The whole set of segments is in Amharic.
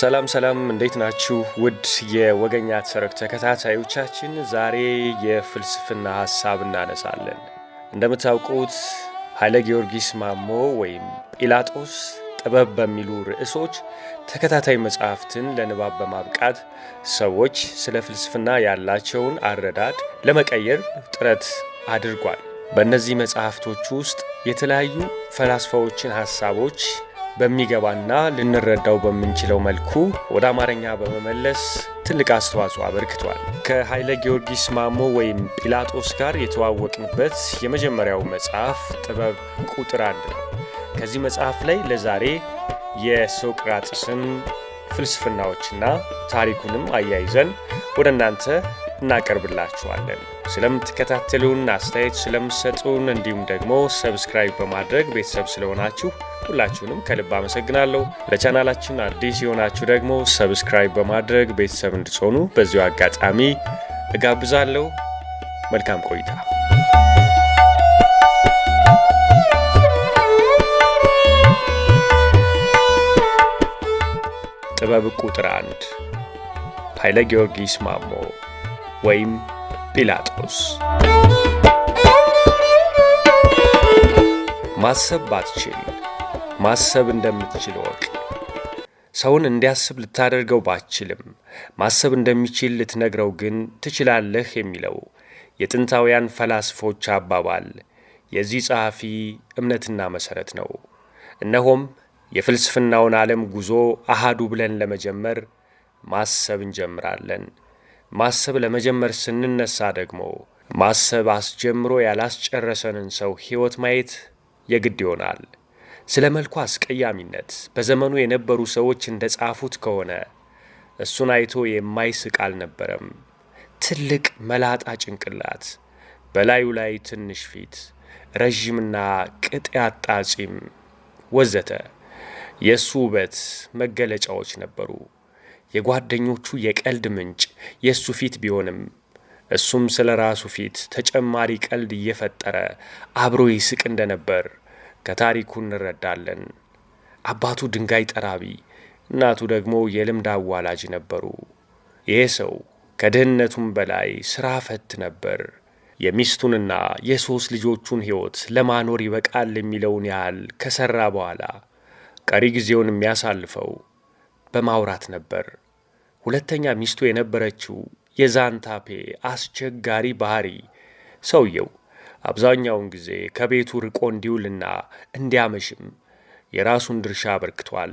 ሰላም ሰላም፣ እንዴት ናችሁ? ውድ የወገኛ ተረክ ተከታታዮቻችን፣ ዛሬ የፍልስፍና ሀሳብ እናነሳለን። እንደምታውቁት ኃይለ ጊዮርጊስ ማሞ ወይም ጲላጦስ ጥበብ በሚሉ ርዕሶች ተከታታይ መጽሐፍትን ለንባብ በማብቃት ሰዎች ስለ ፍልስፍና ያላቸውን አረዳድ ለመቀየር ጥረት አድርጓል። በእነዚህ መጽሐፍቶች ውስጥ የተለያዩ ፈላስፋዎችን ሐሳቦች በሚገባና ልንረዳው በምንችለው መልኩ ወደ አማርኛ በመመለስ ትልቅ አስተዋጽኦ አበርክቷል። ከኃይለ ጊዮርጊስ ማሞ ወይም ጲላጦስ ጋር የተዋወቅንበት የመጀመሪያው መጽሐፍ ጥበብ ቁጥር አንድ ነው። ከዚህ መጽሐፍ ላይ ለዛሬ የሶቅራጥስን ፍልስፍናዎችና ታሪኩንም አያይዘን ወደ እናንተ እናቀርብላችኋለን። ስለምትከታተሉን፣ አስተያየት ስለምትሰጡን እንዲሁም ደግሞ ሰብስክራይብ በማድረግ ቤተሰብ ስለሆናችሁ ሁላችሁንም ከልብ አመሰግናለሁ። ለቻናላችን አዲስ የሆናችሁ ደግሞ ሰብስክራይብ በማድረግ ቤተሰብ እንድትሆኑ በዚሁ አጋጣሚ እጋብዛለሁ። መልካም ቆይታ። ጥበብ ቁጥር አንድ ኃይለ ጊዮርጊስ ማሞ ወይም ጲላጦስ ማሰብ ባትችል ማሰብ እንደምትችል እወቅ። ሰውን እንዲያስብ ልታደርገው ባትችልም ማሰብ እንደሚችል ልትነግረው ግን ትችላለህ የሚለው የጥንታውያን ፈላስፎች አባባል የዚህ ጸሐፊ እምነትና መሠረት ነው። እነሆም የፍልስፍናውን ዓለም ጉዞ አሃዱ ብለን ለመጀመር ማሰብ እንጀምራለን። ማሰብ ለመጀመር ስንነሳ ደግሞ ማሰብ አስጀምሮ ያላስጨረሰንን ሰው ሕይወት ማየት የግድ ይሆናል። ስለ መልኩ አስቀያሚነት በዘመኑ የነበሩ ሰዎች እንደ ጻፉት ከሆነ እሱን አይቶ የማይስቅ አልነበረም። ትልቅ መላጣ ጭንቅላት፣ በላዩ ላይ ትንሽ ፊት፣ ረዥምና ቅጥ ያጣ ጺም ወዘተ የእሱ ውበት መገለጫዎች ነበሩ። የጓደኞቹ የቀልድ ምንጭ የእሱ ፊት ቢሆንም እሱም ስለ ራሱ ፊት ተጨማሪ ቀልድ እየፈጠረ አብሮ ይስቅ እንደነበር ከታሪኩ እንረዳለን። አባቱ ድንጋይ ጠራቢ፣ እናቱ ደግሞ የልምድ አዋላጅ ነበሩ። ይህ ሰው ከድህነቱም በላይ ሥራ ፈት ነበር። የሚስቱንና የሦስት ልጆቹን ሕይወት ለማኖር ይበቃል የሚለውን ያህል ከሠራ በኋላ ቀሪ ጊዜውን የሚያሳልፈው በማውራት ነበር። ሁለተኛ ሚስቱ የነበረችው የዛንታፔ አስቸጋሪ ባህሪ ሰውየው አብዛኛውን ጊዜ ከቤቱ ርቆ እንዲውልና እንዲያመሽም የራሱን ድርሻ አበርክቷል።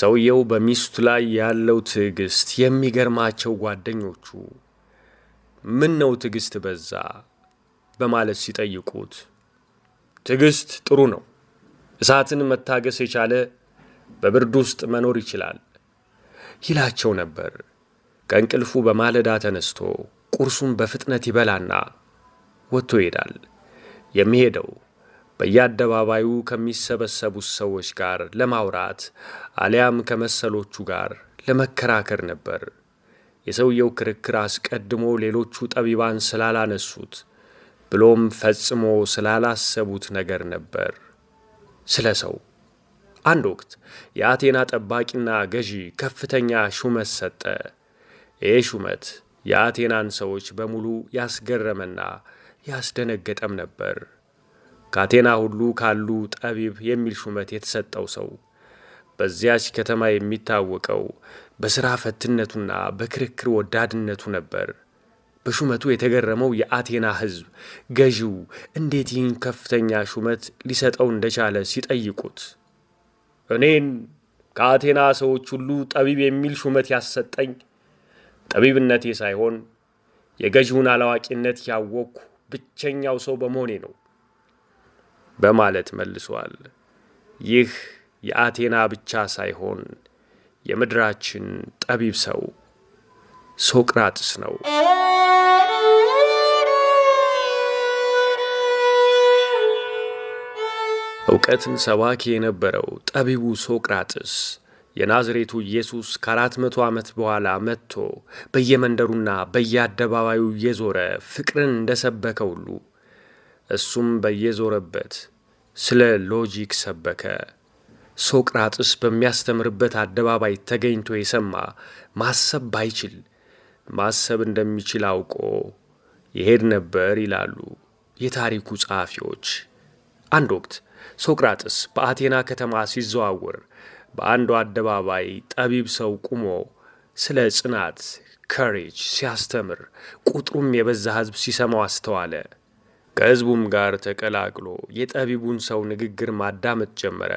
ሰውየው በሚስቱ ላይ ያለው ትዕግስት የሚገርማቸው ጓደኞቹ ምን ነው ትዕግስት በዛ በማለት ሲጠይቁት ትዕግስት ጥሩ ነው፣ እሳትን መታገስ የቻለ በብርድ ውስጥ መኖር ይችላል ይላቸው ነበር። ከእንቅልፉ በማለዳ ተነስቶ ቁርሱን በፍጥነት ይበላና ወጥቶ ይሄዳል። የሚሄደው በየአደባባዩ ከሚሰበሰቡት ሰዎች ጋር ለማውራት አሊያም ከመሰሎቹ ጋር ለመከራከር ነበር። የሰውየው ክርክር አስቀድሞ ሌሎቹ ጠቢባን ስላላነሱት ብሎም ፈጽሞ ስላላሰቡት ነገር ነበር ስለ ሰው አንድ ወቅት የአቴና ጠባቂና ገዢ ከፍተኛ ሹመት ሰጠ። ይህ ሹመት የአቴናን ሰዎች በሙሉ ያስገረመና ያስደነገጠም ነበር። ከአቴና ሁሉ ካሉ ጠቢብ የሚል ሹመት የተሰጠው ሰው በዚያች ከተማ የሚታወቀው በሥራ ፈትነቱና በክርክር ወዳድነቱ ነበር። በሹመቱ የተገረመው የአቴና ሕዝብ ገዢው እንዴት ይህን ከፍተኛ ሹመት ሊሰጠው እንደቻለ ሲጠይቁት እኔን ከአቴና ሰዎች ሁሉ ጠቢብ የሚል ሹመት ያሰጠኝ ጠቢብነቴ ሳይሆን የገዢውን አላዋቂነት ያወቅኩ ብቸኛው ሰው በመሆኔ ነው በማለት መልሷል። ይህ የአቴና ብቻ ሳይሆን የምድራችን ጠቢብ ሰው ሶቅራጥስ ነው። እውቀትን ሰባኪ የነበረው ጠቢቡ ሶቅራጥስ የናዝሬቱ ኢየሱስ ከአራት መቶ ዓመት በኋላ መጥቶ በየመንደሩና በየአደባባዩ እየዞረ ፍቅርን እንደሰበከ ሁሉ እሱም በየዞረበት ስለ ሎጂክ ሰበከ። ሶቅራጥስ በሚያስተምርበት አደባባይ ተገኝቶ የሰማ ማሰብ ባይችል ማሰብ እንደሚችል አውቆ ይሄድ ነበር ይላሉ የታሪኩ ጸሐፊዎች። አንድ ወቅት ሶቅራጥስ በአቴና ከተማ ሲዘዋውር በአንዱ አደባባይ ጠቢብ ሰው ቁሞ ስለ ጽናት ከሬጅ ሲያስተምር ቁጥሩም የበዛ ሕዝብ ሲሰማው አስተዋለ። ከሕዝቡም ጋር ተቀላቅሎ የጠቢቡን ሰው ንግግር ማዳመጥ ጀመረ።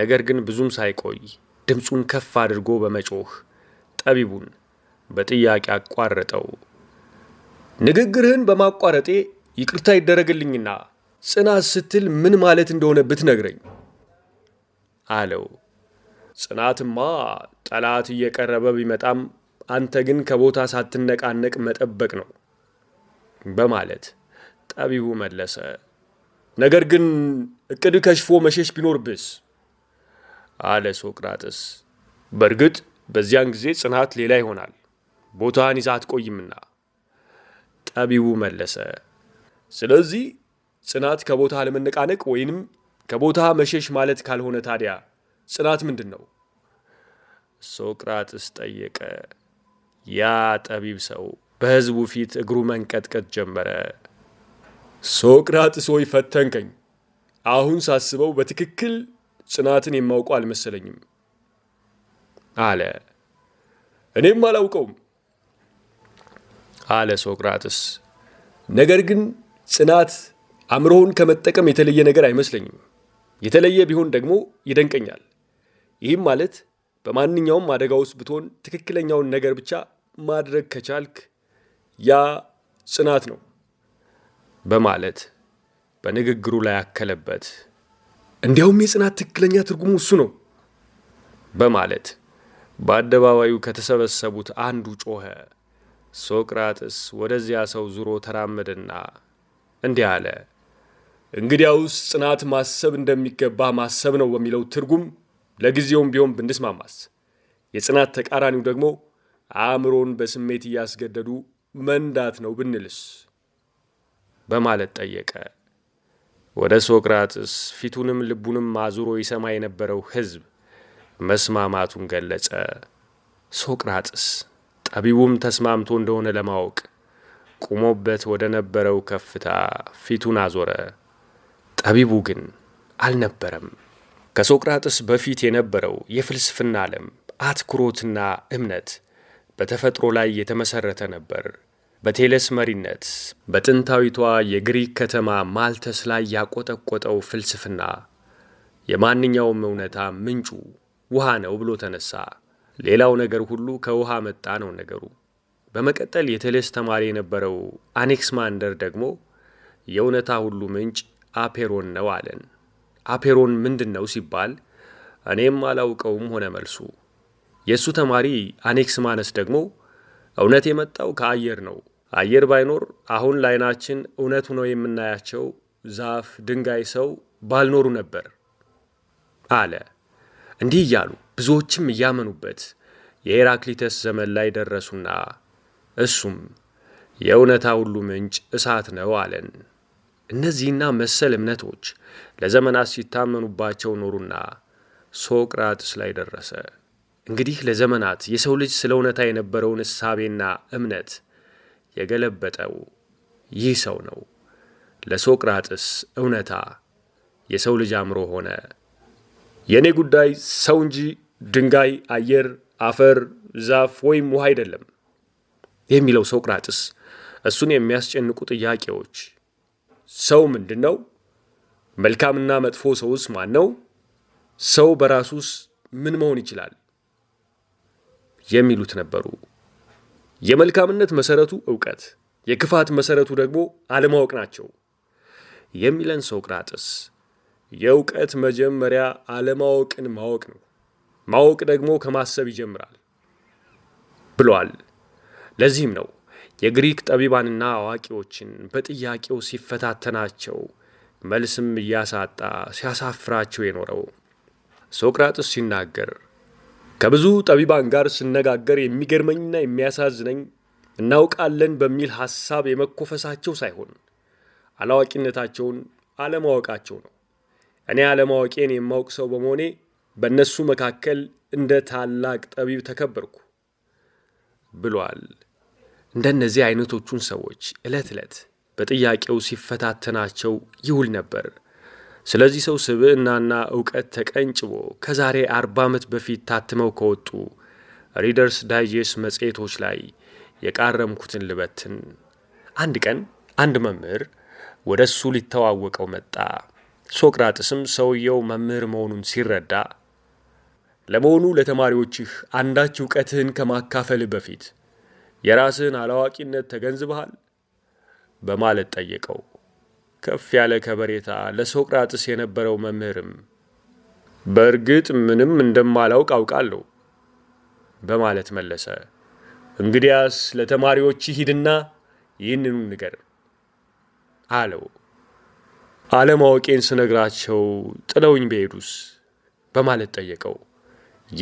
ነገር ግን ብዙም ሳይቆይ ድምፁን ከፍ አድርጎ በመጮህ ጠቢቡን በጥያቄ አቋረጠው። ንግግርህን በማቋረጤ ይቅርታ ይደረግልኝና ጽናት ስትል ምን ማለት እንደሆነ ብትነግረኝ አለው። ጽናትማ ጠላት እየቀረበ ቢመጣም አንተ ግን ከቦታ ሳትነቃነቅ መጠበቅ ነው በማለት ጠቢቡ መለሰ። ነገር ግን እቅድ ከሽፎ መሸሽ ቢኖርብስ? አለ ሶቅራጥስ። በእርግጥ በዚያን ጊዜ ጽናት ሌላ ይሆናል፣ ቦታን ይዛ አትቆይምና። ጠቢቡ መለሰ። ስለዚህ ጽናት ከቦታ ለመነቃነቅ ወይንም ከቦታ መሸሽ ማለት ካልሆነ ታዲያ ጽናት ምንድን ነው? ሶቅራጥስ ጠየቀ። ያ ጠቢብ ሰው በሕዝቡ ፊት እግሩ መንቀጥቀጥ ጀመረ። ሶቅራጥስ ሆይ ፈተንከኝ። አሁን ሳስበው በትክክል ጽናትን የማውቀው አልመሰለኝም አለ። እኔም አላውቀውም አለ ሶቅራጥስ። ነገር ግን ጽናት አእምሮውን ከመጠቀም የተለየ ነገር አይመስለኝም። የተለየ ቢሆን ደግሞ ይደንቀኛል። ይህም ማለት በማንኛውም አደጋ ውስጥ ብትሆን ትክክለኛውን ነገር ብቻ ማድረግ ከቻልክ ያ ጽናት ነው በማለት በንግግሩ ላይ ያከለበት። እንዲያውም የጽናት ትክክለኛ ትርጉሙ እሱ ነው በማለት በአደባባዩ ከተሰበሰቡት አንዱ ጮኸ። ሶቅራጥስ ወደዚያ ሰው ዙሮ ተራመደና እንዲህ አለ። እንግዲያውስ ጽናት ማሰብ እንደሚገባ ማሰብ ነው በሚለው ትርጉም ለጊዜውም ቢሆን ብንስማማስ፣ የጽናት ተቃራኒው ደግሞ አእምሮን በስሜት እያስገደዱ መንዳት ነው ብንልስ በማለት ጠየቀ። ወደ ሶቅራጥስ ፊቱንም ልቡንም አዙሮ ይሰማ የነበረው ሕዝብ መስማማቱን ገለጸ። ሶቅራጥስ ጠቢቡም ተስማምቶ እንደሆነ ለማወቅ ቁሞበት ወደ ነበረው ከፍታ ፊቱን አዞረ። ጠቢቡ ግን አልነበረም። ከሶቅራጥስ በፊት የነበረው የፍልስፍና ዓለም አትኩሮትና እምነት በተፈጥሮ ላይ የተመሠረተ ነበር። በቴሌስ መሪነት በጥንታዊቷ የግሪክ ከተማ ማልተስ ላይ ያቆጠቆጠው ፍልስፍና የማንኛውም እውነታ ምንጩ ውሃ ነው ብሎ ተነሳ። ሌላው ነገር ሁሉ ከውሃ መጣ ነው ነገሩ። በመቀጠል የቴሌስ ተማሪ የነበረው አኔክስማንደር ደግሞ የእውነታ ሁሉ ምንጭ አፔሮን ነው አለን። አፔሮን ምንድን ነው ሲባል እኔም አላውቀውም ሆነ መልሱ። የእሱ ተማሪ አኔክስ ማነስ ደግሞ እውነት የመጣው ከአየር ነው። አየር ባይኖር አሁን ላይናችን እውነት ነው የምናያቸው ዛፍ፣ ድንጋይ፣ ሰው ባልኖሩ ነበር አለ። እንዲህ እያሉ ብዙዎችም እያመኑበት የሄራክሊተስ ዘመን ላይ ደረሱና እሱም የእውነታ ሁሉ ምንጭ እሳት ነው አለን። እነዚህና መሰል እምነቶች ለዘመናት ሲታመኑባቸው ኖሩና ሶቅራጥስ ላይ ደረሰ። እንግዲህ ለዘመናት የሰው ልጅ ስለ እውነታ የነበረውን እሳቤና እምነት የገለበጠው ይህ ሰው ነው። ለሶቅራጥስ እውነታ የሰው ልጅ አእምሮ ሆነ። የእኔ ጉዳይ ሰው እንጂ ድንጋይ፣ አየር፣ አፈር፣ ዛፍ ወይም ውሃ አይደለም የሚለው ሶቅራጥስ እሱን የሚያስጨንቁ ጥያቄዎች ሰው ምንድን ነው? መልካምና መጥፎ ሰውስ ማን ነው? ሰው በራሱስ ምን መሆን ይችላል? የሚሉት ነበሩ። የመልካምነት መሰረቱ እውቀት፣ የክፋት መሰረቱ ደግሞ አለማወቅ ናቸው የሚለን ሶቅራጥስ የእውቀት መጀመሪያ አለማወቅን ማወቅ ነው፣ ማወቅ ደግሞ ከማሰብ ይጀምራል ብለዋል። ለዚህም ነው የግሪክ ጠቢባንና አዋቂዎችን በጥያቄው ሲፈታተናቸው መልስም እያሳጣ ሲያሳፍራቸው የኖረው ሶቅራጥስ ሲናገር ከብዙ ጠቢባን ጋር ስነጋገር የሚገርመኝና የሚያሳዝነኝ እናውቃለን በሚል ሐሳብ የመኮፈሳቸው ሳይሆን አላዋቂነታቸውን አለማወቃቸው ነው። እኔ አለማወቄን የማውቅ ሰው በመሆኔ በእነሱ መካከል እንደ ታላቅ ጠቢብ ተከበርኩ ብሏል። እንደነዚህ አይነቶቹን ሰዎች ዕለት ዕለት በጥያቄው ሲፈታተናቸው ይውል ነበር። ስለዚህ ሰው ስብዕናና ዕውቀት ተቀንጭቦ ከዛሬ አርባ ዓመት በፊት ታትመው ከወጡ ሪደርስ ዳይጀስት መጽሔቶች ላይ የቃረምኩትን ልበትን። አንድ ቀን አንድ መምህር ወደ እሱ ሊተዋወቀው መጣ። ሶቅራጥስም ሰውየው መምህር መሆኑን ሲረዳ ለመሆኑ ለተማሪዎችህ አንዳች እውቀትህን ከማካፈልህ በፊት የራስህን አላዋቂነት ተገንዝበሃል? በማለት ጠየቀው። ከፍ ያለ ከበሬታ ለሶቅራጥስ የነበረው መምህርም በእርግጥ ምንም እንደማላውቅ አውቃለሁ በማለት መለሰ። እንግዲያስ ለተማሪዎች ሂድና ይህንኑ ንገር አለው። አለማወቄን ስነግራቸው ጥለውኝ በሄዱስ በማለት ጠየቀው።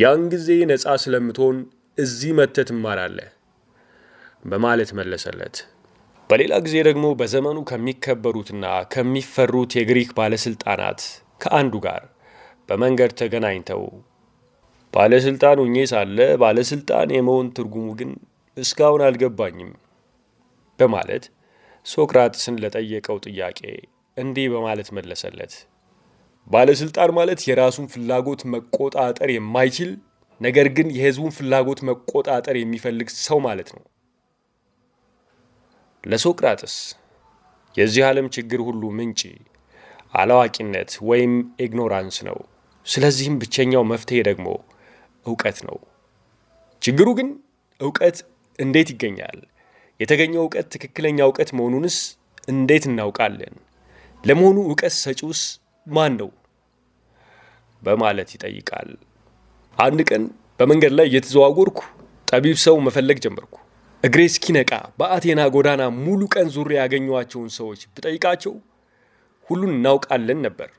ያን ጊዜ ነፃ ስለምትሆን እዚህ መተት ትማራለህ በማለት መለሰለት። በሌላ ጊዜ ደግሞ በዘመኑ ከሚከበሩትና ከሚፈሩት የግሪክ ባለሥልጣናት ከአንዱ ጋር በመንገድ ተገናኝተው ባለሥልጣን ሁኜ ሳለ ባለሥልጣን የመሆን ትርጉሙ ግን እስካሁን አልገባኝም በማለት ሶክራጥስን ለጠየቀው ጥያቄ እንዲህ በማለት መለሰለት። ባለሥልጣን ማለት የራሱን ፍላጎት መቆጣጠር የማይችል ነገር ግን የሕዝቡን ፍላጎት መቆጣጠር የሚፈልግ ሰው ማለት ነው። ለሶቅራጥስ የዚህ ዓለም ችግር ሁሉ ምንጭ አላዋቂነት ወይም ኢግኖራንስ ነው። ስለዚህም ብቸኛው መፍትሄ ደግሞ እውቀት ነው። ችግሩ ግን እውቀት እንዴት ይገኛል? የተገኘው እውቀት ትክክለኛ እውቀት መሆኑንስ እንዴት እናውቃለን? ለመሆኑ እውቀት ሰጪውስ ማን ነው? በማለት ይጠይቃል። አንድ ቀን በመንገድ ላይ እየተዘዋወርኩ ጠቢብ ሰው መፈለግ ጀመርኩ። እግሬ እስኪነቃ በአቴና ጎዳና ሙሉ ቀን ዙሪያ ያገኘኋቸውን ሰዎች ብጠይቃቸው ሁሉን እናውቃለን ነበር።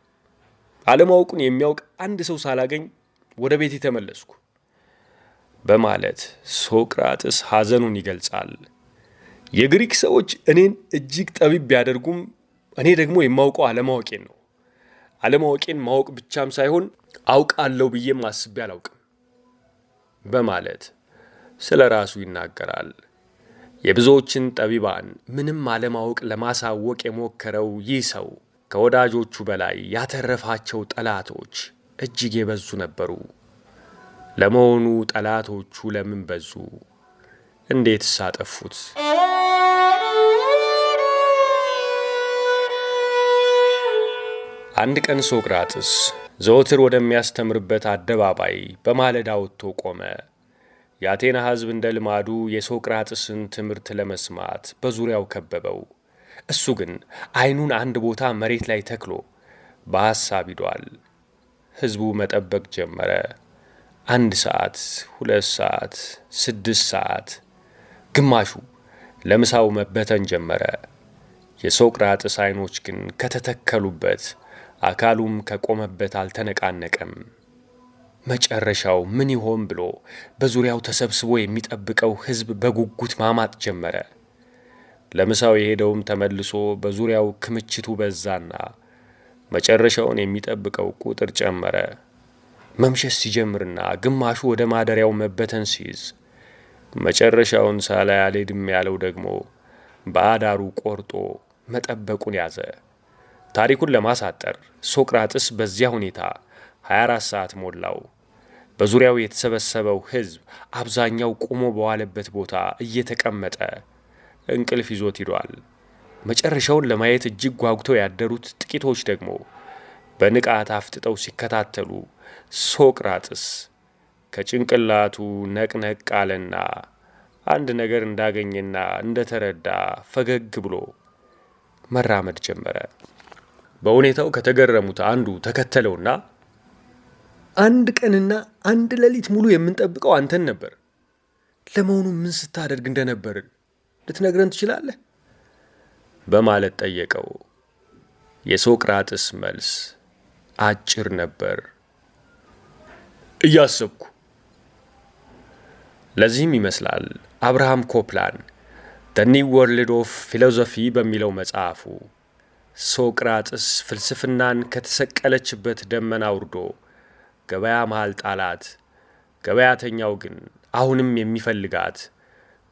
አለማወቁን የሚያውቅ አንድ ሰው ሳላገኝ ወደ ቤት የተመለስኩ በማለት ሶቅራጥስ ሐዘኑን ይገልጻል። የግሪክ ሰዎች እኔን እጅግ ጠቢብ ቢያደርጉም እኔ ደግሞ የማውቀው አለማወቄን ነው። አለማወቄን ማወቅ ብቻም ሳይሆን አውቃለሁ ብዬም አስቤ አላውቅም በማለት ስለ ራሱ ይናገራል። የብዙዎችን ጠቢባን ምንም አለማወቅ ለማሳወቅ የሞከረው ይህ ሰው ከወዳጆቹ በላይ ያተረፋቸው ጠላቶች እጅግ የበዙ ነበሩ። ለመሆኑ ጠላቶቹ ለምን በዙ? እንዴት ሳጠፉት? አንድ ቀን ሶቅራጥስ ዘወትር ወደሚያስተምርበት አደባባይ በማለዳ ወጥቶ ቆመ። የአቴና ሕዝብ እንደ ልማዱ የሶቅራጥስን ትምህርት ለመስማት በዙሪያው ከበበው። እሱ ግን አይኑን አንድ ቦታ መሬት ላይ ተክሎ በሐሳብ ሂዷል ሕዝቡ መጠበቅ ጀመረ። አንድ ሰዓት፣ ሁለት ሰዓት፣ ስድስት ሰዓት፣ ግማሹ ለምሳው መበተን ጀመረ። የሶቅራጥስ አይኖች ግን ከተተከሉበት አካሉም ከቆመበት አልተነቃነቀም። መጨረሻው ምን ይሆን ብሎ በዙሪያው ተሰብስቦ የሚጠብቀው ሕዝብ በጉጉት ማማጥ ጀመረ። ለምሳው የሄደውም ተመልሶ በዙሪያው ክምችቱ በዛና መጨረሻውን የሚጠብቀው ቁጥር ጨመረ። መምሸት ሲጀምርና ግማሹ ወደ ማደሪያው መበተን ሲይዝ መጨረሻውን ሳላይ አልሄድም ያለው ደግሞ በአዳሩ ቆርጦ መጠበቁን ያዘ። ታሪኩን ለማሳጠር ሶቅራጥስ በዚያ ሁኔታ 24 ሰዓት ሞላው። በዙሪያው የተሰበሰበው ሕዝብ አብዛኛው ቆሞ በዋለበት ቦታ እየተቀመጠ እንቅልፍ ይዞት ሂዷል። መጨረሻውን ለማየት እጅግ ጓጉተው ያደሩት ጥቂቶች ደግሞ በንቃት አፍጥጠው ሲከታተሉ ሶቅራጥስ ከጭንቅላቱ ነቅነቅ አለና አንድ ነገር እንዳገኘና እንደተረዳ ፈገግ ብሎ መራመድ ጀመረ። በሁኔታው ከተገረሙት አንዱ ተከተለውና አንድ ቀንና አንድ ሌሊት ሙሉ የምንጠብቀው አንተን ነበር። ለመሆኑ ምን ስታደርግ እንደነበርን ልትነግረን ትችላለህ? በማለት ጠየቀው። የሶቅራጥስ መልስ አጭር ነበር። እያሰብኩ። ለዚህም ይመስላል አብርሃም ኮፕላን ዘ ኒው ወርልድ ኦፍ ፊሎዞፊ በሚለው መጽሐፉ ሶቅራጥስ ፍልስፍናን ከተሰቀለችበት ደመና አውርዶ ገበያ መሃል ጣላት። ገበያተኛው ግን አሁንም የሚፈልጋት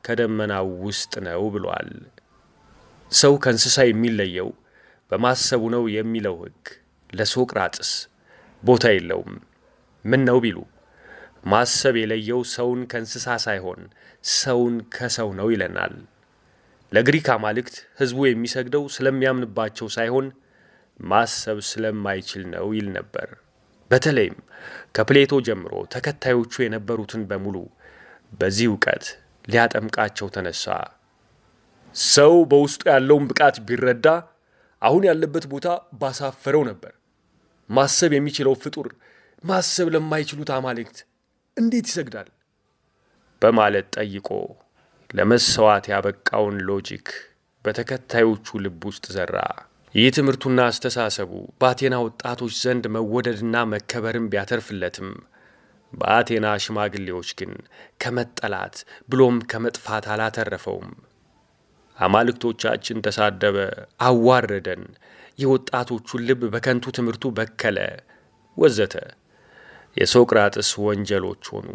ከደመናው ውስጥ ነው ብሏል። ሰው ከእንስሳ የሚለየው በማሰቡ ነው የሚለው ሕግ ለሶቅራጥስ ቦታ የለውም። ምን ነው ቢሉ ማሰብ የለየው ሰውን ከእንስሳ ሳይሆን ሰውን ከሰው ነው ይለናል። ለግሪክ አማልክት ሕዝቡ የሚሰግደው ስለሚያምንባቸው ሳይሆን ማሰብ ስለማይችል ነው ይል ነበር። በተለይም ከፕሌቶ ጀምሮ ተከታዮቹ የነበሩትን በሙሉ በዚህ እውቀት ሊያጠምቃቸው ተነሳ። ሰው በውስጡ ያለውን ብቃት ቢረዳ አሁን ያለበት ቦታ ባሳፈረው ነበር። ማሰብ የሚችለው ፍጡር ማሰብ ለማይችሉት አማልክት እንዴት ይሰግዳል? በማለት ጠይቆ ለመሰዋት ያበቃውን ሎጂክ በተከታዮቹ ልብ ውስጥ ዘራ። ይህ ትምህርቱና አስተሳሰቡ በአቴና ወጣቶች ዘንድ መወደድና መከበርን ቢያተርፍለትም በአቴና ሽማግሌዎች ግን ከመጠላት ብሎም ከመጥፋት አላተረፈውም። አማልክቶቻችን ተሳደበ፣ አዋረደን፣ የወጣቶቹን ልብ በከንቱ ትምህርቱ በከለ፣ ወዘተ የሶቅራጥስ ወንጀሎች ሆኑ።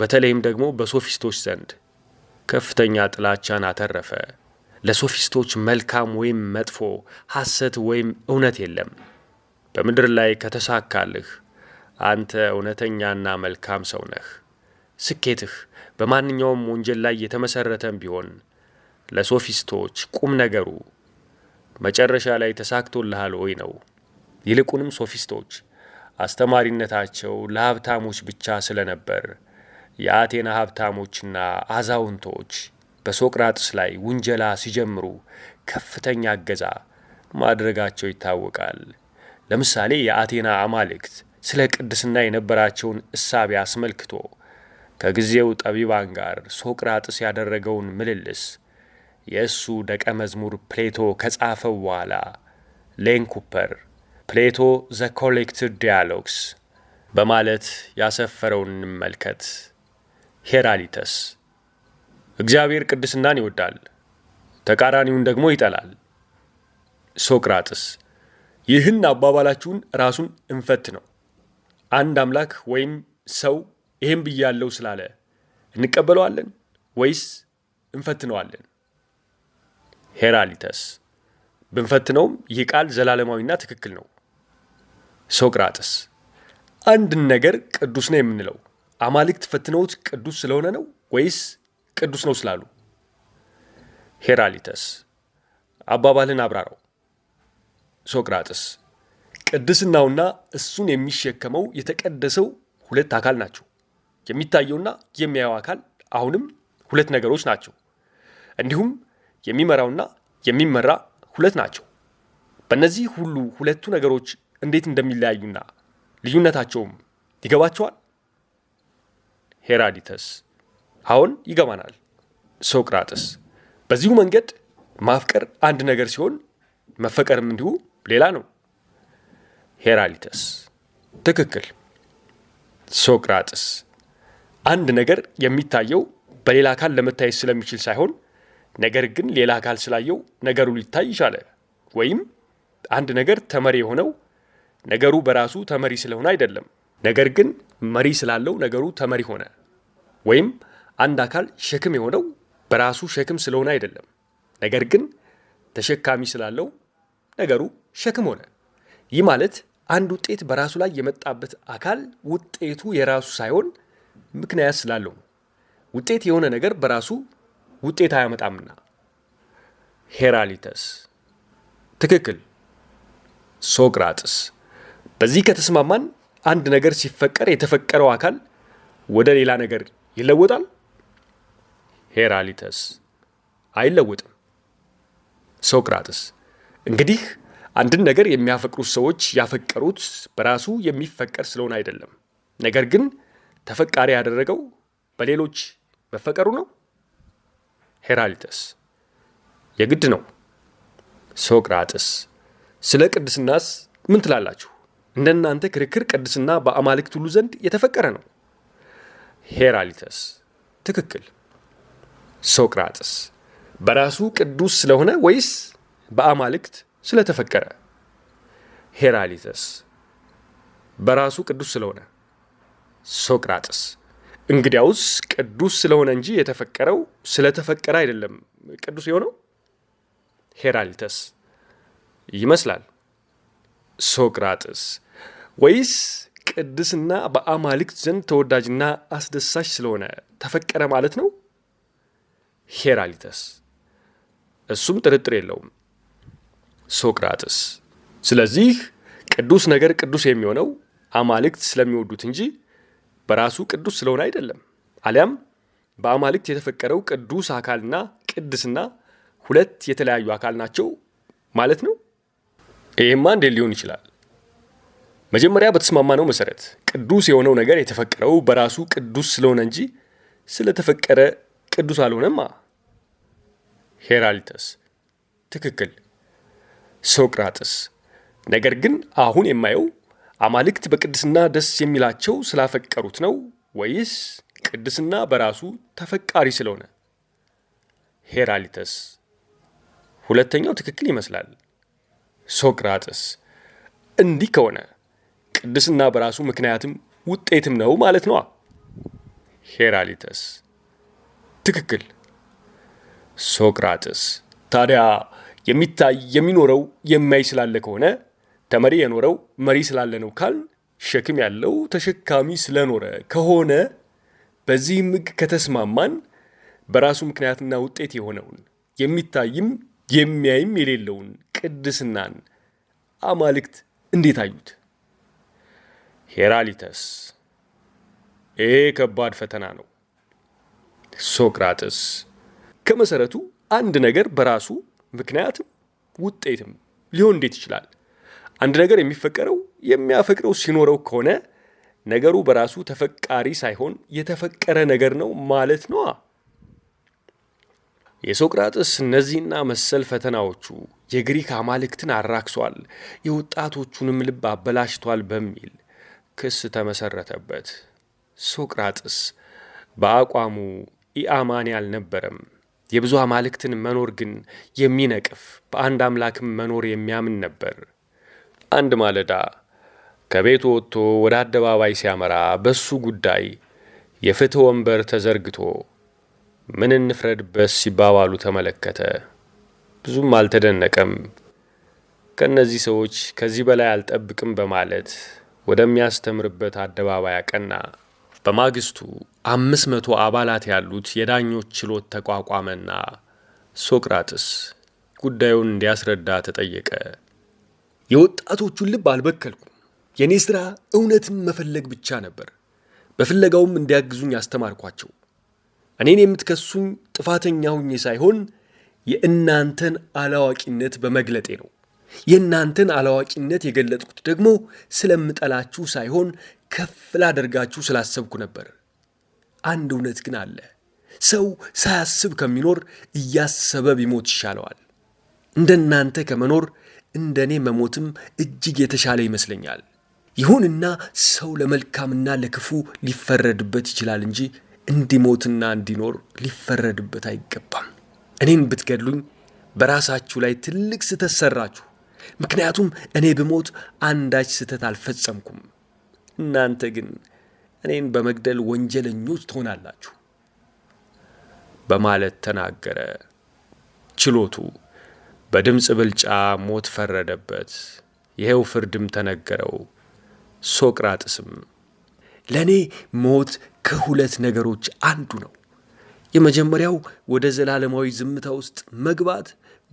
በተለይም ደግሞ በሶፊስቶች ዘንድ ከፍተኛ ጥላቻን አተረፈ። ለሶፊስቶች መልካም ወይም መጥፎ፣ ሐሰት ወይም እውነት የለም። በምድር ላይ ከተሳካልህ አንተ እውነተኛና መልካም ሰው ነህ። ስኬትህ በማንኛውም ወንጀል ላይ የተመሠረተም ቢሆን ለሶፊስቶች ቁም ነገሩ መጨረሻ ላይ ተሳክቶልሃል ወይ ነው። ይልቁንም ሶፊስቶች አስተማሪነታቸው ለሀብታሞች ብቻ ስለነበር የአቴና ሀብታሞችና አዛውንቶች በሶቅራጥስ ላይ ውንጀላ ሲጀምሩ ከፍተኛ እገዛ ማድረጋቸው ይታወቃል። ለምሳሌ የአቴና አማልክት ስለ ቅድስና የነበራቸውን እሳቤ አስመልክቶ ከጊዜው ጠቢባን ጋር ሶቅራጥስ ያደረገውን ምልልስ የእሱ ደቀ መዝሙር ፕሌቶ ከጻፈው በኋላ ሌን ኩፐር ፕሌቶ ዘ ኮሌክትድ ዲያሎግስ በማለት ያሰፈረውን እንመልከት። ሄራሊተስ እግዚአብሔር ቅድስናን ይወዳል፣ ተቃራኒውን ደግሞ ይጠላል። ሶቅራጥስ ይህን አባባላችሁን ራሱን እንፈት ነው። አንድ አምላክ ወይም ሰው ይህም ብያለው ስላለ እንቀበለዋለን ወይስ እንፈትነዋለን? ሄራሊተስ ብንፈትነውም ይህ ቃል ዘላለማዊና ትክክል ነው። ሶቅራጥስ አንድን ነገር ቅዱስ ነው የምንለው አማልክት ፈትነውት ቅዱስ ስለሆነ ነው ወይስ ቅዱስ ነው ስላሉ ሄራሊተስ አባባልን አብራራው። ሶቅራጥስ ቅድስናውና እሱን የሚሸከመው የተቀደሰው ሁለት አካል ናቸው። የሚታየውና የሚያየው አካል አሁንም ሁለት ነገሮች ናቸው። እንዲሁም የሚመራውና የሚመራ ሁለት ናቸው። በእነዚህ ሁሉ ሁለቱ ነገሮች እንዴት እንደሚለያዩና ልዩነታቸውም ይገባቸዋል። ሄራዲተስ አሁን ይገባናል። ሶቅራጥስ በዚሁ መንገድ ማፍቀር አንድ ነገር ሲሆን መፈቀርም እንዲሁ ሌላ ነው። ሄራሊተስ ትክክል። ሶቅራጥስ አንድ ነገር የሚታየው በሌላ አካል ለመታየት ስለሚችል ሳይሆን ነገር ግን ሌላ አካል ስላየው ነገሩ ሊታይ ይቻለ። ወይም አንድ ነገር ተመሪ የሆነው ነገሩ በራሱ ተመሪ ስለሆነ አይደለም፣ ነገር ግን መሪ ስላለው ነገሩ ተመሪ ሆነ ወይም አንድ አካል ሸክም የሆነው በራሱ ሸክም ስለሆነ አይደለም፣ ነገር ግን ተሸካሚ ስላለው ነገሩ ሸክም ሆነ። ይህ ማለት አንድ ውጤት በራሱ ላይ የመጣበት አካል ውጤቱ የራሱ ሳይሆን ምክንያት ስላለው ነው። ውጤት የሆነ ነገር በራሱ ውጤት አያመጣምና። ሄራሊተስ ትክክል። ሶቅራጥስ በዚህ ከተስማማን አንድ ነገር ሲፈቀር የተፈቀረው አካል ወደ ሌላ ነገር ይለወጣል? ሄራሊተስ አይለውጥም። ሶቅራጥስ እንግዲህ አንድን ነገር የሚያፈቅሩት ሰዎች ያፈቀሩት በራሱ የሚፈቀር ስለሆነ አይደለም፣ ነገር ግን ተፈቃሪ ያደረገው በሌሎች መፈቀሩ ነው። ሄራሊተስ የግድ ነው። ሶቅራጥስ ስለ ቅድስናስ ምን ትላላችሁ? እንደናንተ ክርክር ቅድስና በአማልክት ሁሉ ዘንድ የተፈቀረ ነው። ሄራሊተስ ትክክል ሶቅራጥስ በራሱ ቅዱስ ስለሆነ ወይስ በአማልክት ስለተፈቀረ? ሄራሊተስ በራሱ ቅዱስ ስለሆነ። ሶቅራጥስ እንግዲያውስ ቅዱስ ስለሆነ እንጂ የተፈቀረው ስለተፈቀረ አይደለም ቅዱስ የሆነው። ሄራሊተስ ይመስላል። ሶቅራጥስ ወይስ ቅድስና በአማልክት ዘንድ ተወዳጅና አስደሳች ስለሆነ ተፈቀረ ማለት ነው? ሄራሊተስ፣ እሱም ጥርጥር የለውም ሶቅራጥስ። ስለዚህ ቅዱስ ነገር ቅዱስ የሚሆነው አማልክት ስለሚወዱት እንጂ በራሱ ቅዱስ ስለሆነ አይደለም። አሊያም በአማልክት የተፈቀረው ቅዱስ አካልና ቅድስና ሁለት የተለያዩ አካል ናቸው ማለት ነው። ይህማ እንዴት ሊሆን ይችላል? መጀመሪያ በተስማማነው መሰረት ቅዱስ የሆነው ነገር የተፈቀረው በራሱ ቅዱስ ስለሆነ እንጂ ስለተፈቀረ ቅዱስ አልሆነማ። ሄራሊተስ ትክክል። ሶቅራጥስ ነገር ግን አሁን የማየው አማልክት በቅድስና ደስ የሚላቸው ስላፈቀሩት ነው ወይስ ቅድስና በራሱ ተፈቃሪ ስለሆነ? ሄራሊተስ ሁለተኛው ትክክል ይመስላል። ሶቅራጥስ እንዲህ ከሆነ ቅድስና በራሱ ምክንያትም ውጤትም ነው ማለት ነዋ። ሄራሊተስ ትክክል። ሶቅራጥስ ታዲያ የሚታይ የሚኖረው የሚያይ ስላለ ከሆነ ተመሪ የኖረው መሪ ስላለ ነው ካል ሸክም ያለው ተሸካሚ ስለኖረ ከሆነ በዚህም ሕግ ከተስማማን በራሱ ምክንያትና ውጤት የሆነውን የሚታይም የሚያይም የሌለውን ቅድስናን አማልክት እንዴት አዩት? ሄራሊተስ ይሄ ከባድ ፈተና ነው። ሶቅራጥስ ከመሰረቱ አንድ ነገር በራሱ ምክንያትም ውጤትም ሊሆን እንዴት ይችላል? አንድ ነገር የሚፈቀረው የሚያፈቅረው ሲኖረው ከሆነ ነገሩ በራሱ ተፈቃሪ ሳይሆን የተፈቀረ ነገር ነው ማለት ነዋ። የሶቅራጥስ እነዚህና መሰል ፈተናዎቹ የግሪክ አማልክትን አራክሷል፣ የወጣቶቹንም ልብ አበላሽቷል በሚል ክስ ተመሰረተበት። ሶቅራጥስ በአቋሙ ኢአማን አልነበረም! የብዙ አማልክትን መኖር ግን የሚነቅፍ በአንድ አምላክም መኖር የሚያምን ነበር። አንድ ማለዳ ከቤቱ ወጥቶ ወደ አደባባይ ሲያመራ በሱ ጉዳይ የፍትህ ወንበር ተዘርግቶ ምን እንፍረድበት ሲባባሉ ተመለከተ። ብዙም አልተደነቀም። ከእነዚህ ሰዎች ከዚህ በላይ አልጠብቅም በማለት ወደሚያስተምርበት አደባባይ አቀና። በማግስቱ አምስት መቶ አባላት ያሉት የዳኞች ችሎት ተቋቋመና ሶቅራጥስ ጉዳዩን እንዲያስረዳ ተጠየቀ። የወጣቶቹን ልብ አልበከልኩም። የእኔ ሥራ እውነትን መፈለግ ብቻ ነበር። በፍለጋውም እንዲያግዙኝ አስተማርኳቸው። እኔን የምትከሱኝ ጥፋተኛ ሁኜ ሳይሆን የእናንተን አላዋቂነት በመግለጤ ነው። የእናንተን አላዋቂነት የገለጥኩት ደግሞ ስለምጠላችሁ ሳይሆን ከፍ ላደርጋችሁ ስላሰብኩ ነበር። አንድ እውነት ግን አለ። ሰው ሳያስብ ከሚኖር እያሰበ ቢሞት ይሻለዋል። እንደ እናንተ ከመኖር እንደ እኔ መሞትም እጅግ የተሻለ ይመስለኛል። ይሁንና ሰው ለመልካምና ለክፉ ሊፈረድበት ይችላል እንጂ እንዲሞትና እንዲኖር ሊፈረድበት አይገባም። እኔን ብትገድሉኝ በራሳችሁ ላይ ትልቅ ስህተት ሠራችሁ። ምክንያቱም እኔ ብሞት አንዳች ስህተት አልፈጸምኩም። እናንተ ግን እኔን በመግደል ወንጀለኞች ትሆናላችሁ በማለት ተናገረ። ችሎቱ በድምፅ ብልጫ ሞት ፈረደበት። ይኸው ፍርድም ተነገረው። ሶቅራጥስም ለእኔ ሞት ከሁለት ነገሮች አንዱ ነው። የመጀመሪያው ወደ ዘላለማዊ ዝምታ ውስጥ መግባት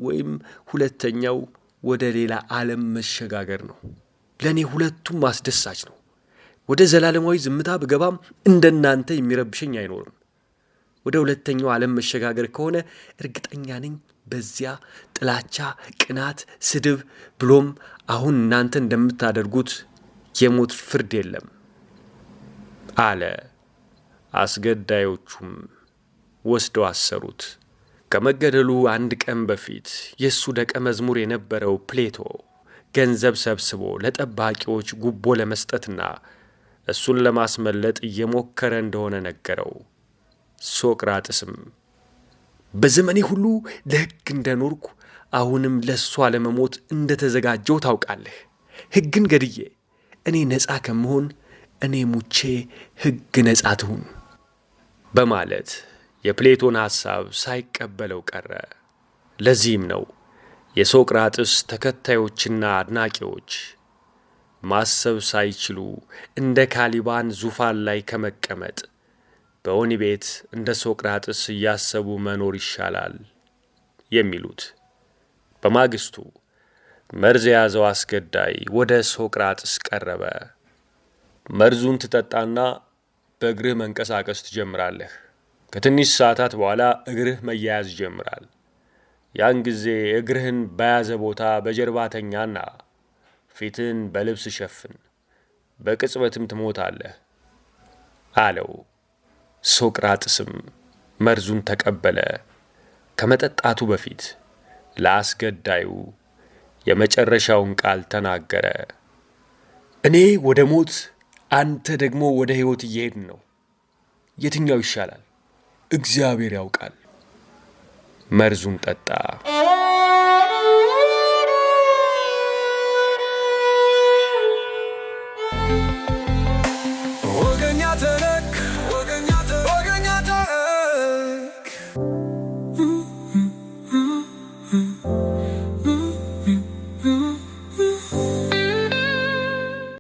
ወይም ሁለተኛው ወደ ሌላ ዓለም መሸጋገር ነው። ለእኔ ሁለቱም አስደሳች ነው። ወደ ዘላለማዊ ዝምታ ብገባም እንደናንተ የሚረብሸኝ አይኖርም። ወደ ሁለተኛው ዓለም መሸጋገር ከሆነ እርግጠኛ ነኝ በዚያ ጥላቻ፣ ቅናት፣ ስድብ ብሎም አሁን እናንተ እንደምታደርጉት የሞት ፍርድ የለም አለ። አስገዳዮቹም ወስደው አሰሩት። ከመገደሉ አንድ ቀን በፊት የእሱ ደቀ መዝሙር የነበረው ፕሌቶ ገንዘብ ሰብስቦ ለጠባቂዎች ጉቦ ለመስጠትና እሱን ለማስመለጥ እየሞከረ እንደሆነ ነገረው። ሶቅራጥስም በዘመኔ ሁሉ ለሕግ እንደኖርኩ አሁንም ለእሷ ለመሞት እንደተዘጋጀው ታውቃለህ። ሕግን ገድዬ እኔ ነፃ ከመሆን እኔ ሙቼ ሕግ ነፃ ትሁን በማለት የፕሌቶን ሐሳብ ሳይቀበለው ቀረ። ለዚህም ነው የሶቅራጥስ ተከታዮችና አድናቂዎች ማሰብ ሳይችሉ እንደ ካሊባን ዙፋን ላይ ከመቀመጥ በወህኒ ቤት እንደ ሶቅራጥስ እያሰቡ መኖር ይሻላል የሚሉት። በማግስቱ መርዝ የያዘው አስገዳይ ወደ ሶቅራጥስ ቀረበ። መርዙን ትጠጣና በእግርህ መንቀሳቀስ ትጀምራለህ። ከትንሽ ሰዓታት በኋላ እግርህ መያያዝ ይጀምራል። ያን ጊዜ እግርህን በያዘ ቦታ በጀርባተኛና ፊትን በልብስ ሸፍን፣ በቅጽበትም ትሞታለህ አለው። ሶቅራጥስም መርዙን ተቀበለ። ከመጠጣቱ በፊት ለአስገዳዩ የመጨረሻውን ቃል ተናገረ። እኔ ወደ ሞት አንተ ደግሞ ወደ ሕይወት እየሄድን ነው። የትኛው ይሻላል? እግዚአብሔር ያውቃል። መርዙን ጠጣ።